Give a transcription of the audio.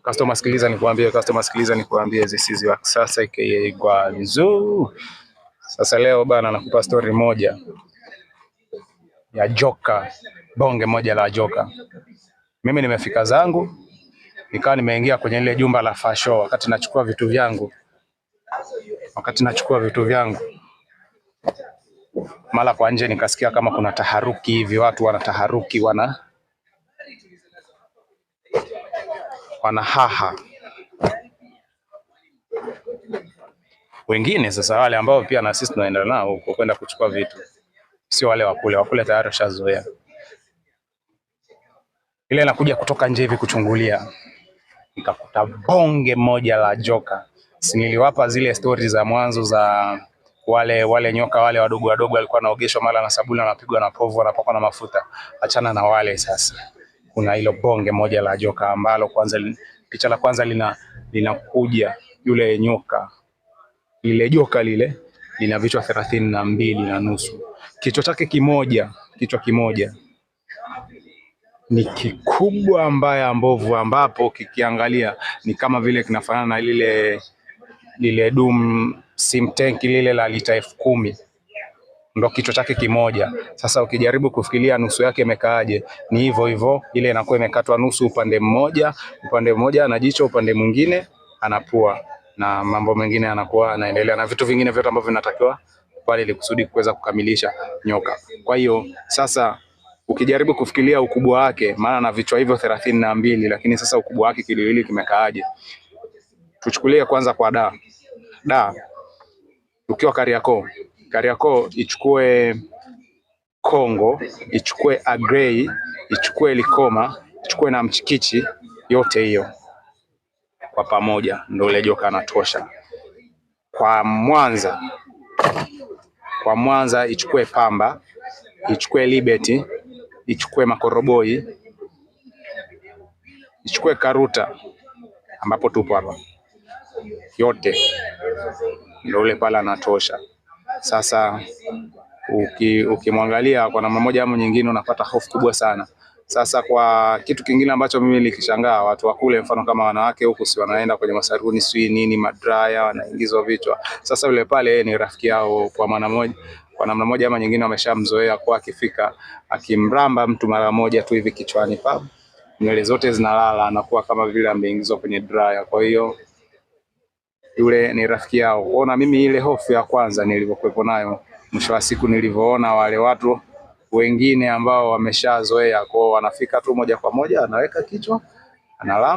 Customer, sikiliza nikuambie, customer, sikiliza nikuambie, this is your sasa aka kwa Sasa leo bana, nakupa story moja ya joka, bonge moja la joka. Mimi nimefika zangu nikawa nimeingia kwenye ile jumba la fasho, wakati nachukua vitu vyangu, wakati nachukua vitu vyangu mara kwa nje nikasikia kama kuna taharuki hivi, watu wanataharuki, wana wanahaha. Wengine sasa wale ambao pia na sisi tunaenda nao huko kwenda kuchukua vitu, sio wale wakule, wakule tayari washazoea ile. Nakuja kutoka nje hivi kuchungulia, nikakuta bonge moja la joka. Si niliwapa zile stori za mwanzo za wale wale nyoka wale wadogo wadogo walikuwa wanaogeshwa mara na sabuni, wanapigwa na povu, wanapakwa na mafuta. Achana na wale sasa kuna hilo bonge moja la joka ambalo kwanza picha la kwanza lina linakuja yule nyoka lile joka lile lina vichwa thelathini na mbili na nusu. Kichwa chake kimoja, kichwa kimoja ni kikubwa mbaya mbovu, ambapo kikiangalia ni kama vile kinafanana na lile lile dum tank lile la lita elfu kumi ndo kichwa chake kimoja. Sasa ukijaribu kufikiria nusu yake imekaaje, ni hivyo hivyo, ile inakuwa imekatwa nusu, upande mmoja upande mmoja ana jicho, upande mwingine anapua na mambo mengine anakuwa anaendelea na vitu vingine vyote ambavyo vinatakiwa pale ili kusudi kuweza kukamilisha nyoka. Kwa hiyo sasa ukijaribu kufikiria ukubwa wake, maana na vichwa hivyo thelathini na mbili, lakini sasa ukubwa wake kiliwili kimekaaje? Tuchukulie kwanza kwa da da, ukiwa Kariakoo Kariakoo ichukue Kongo, ichukue Agrei, ichukue Likoma, ichukue na Mchikichi, yote hiyo kwa pamoja ndio ile joka anatosha. Kwa Mwanza, kwa Mwanza ichukue Pamba, ichukue Liberty, ichukue Makoroboi, ichukue Karuta ambapo tupo hapa, yote ndio ule pale anatosha. Sasa ukimwangalia uki kwa namna moja ama nyingine, unapata hofu kubwa sana. Sasa kwa kitu kingine ambacho mimi nilikishangaa, watu wa kule, mfano kama wanawake huku, si wanaenda kwenye masaruni, sui nini, madraya, wanaingizwa vichwa. Sasa yule pale ni rafiki yao kwa maana moja kwa namna moja ama nyingine wameshamzoea kwa akifika akimramba mtu mara moja tu hivi kichwani, pa nywele zote zinalala, anakuwa kama vile ameingizwa kwenye draya. Kwa hiyo yule ni rafiki yao. Ona mimi ile hofu ya kwanza nilivyokuwepo nayo, mwisho wa siku nilivyoona wale watu wengine ambao wameshazoea kwao, wanafika tu moja kwa moja, anaweka kichwa analamba.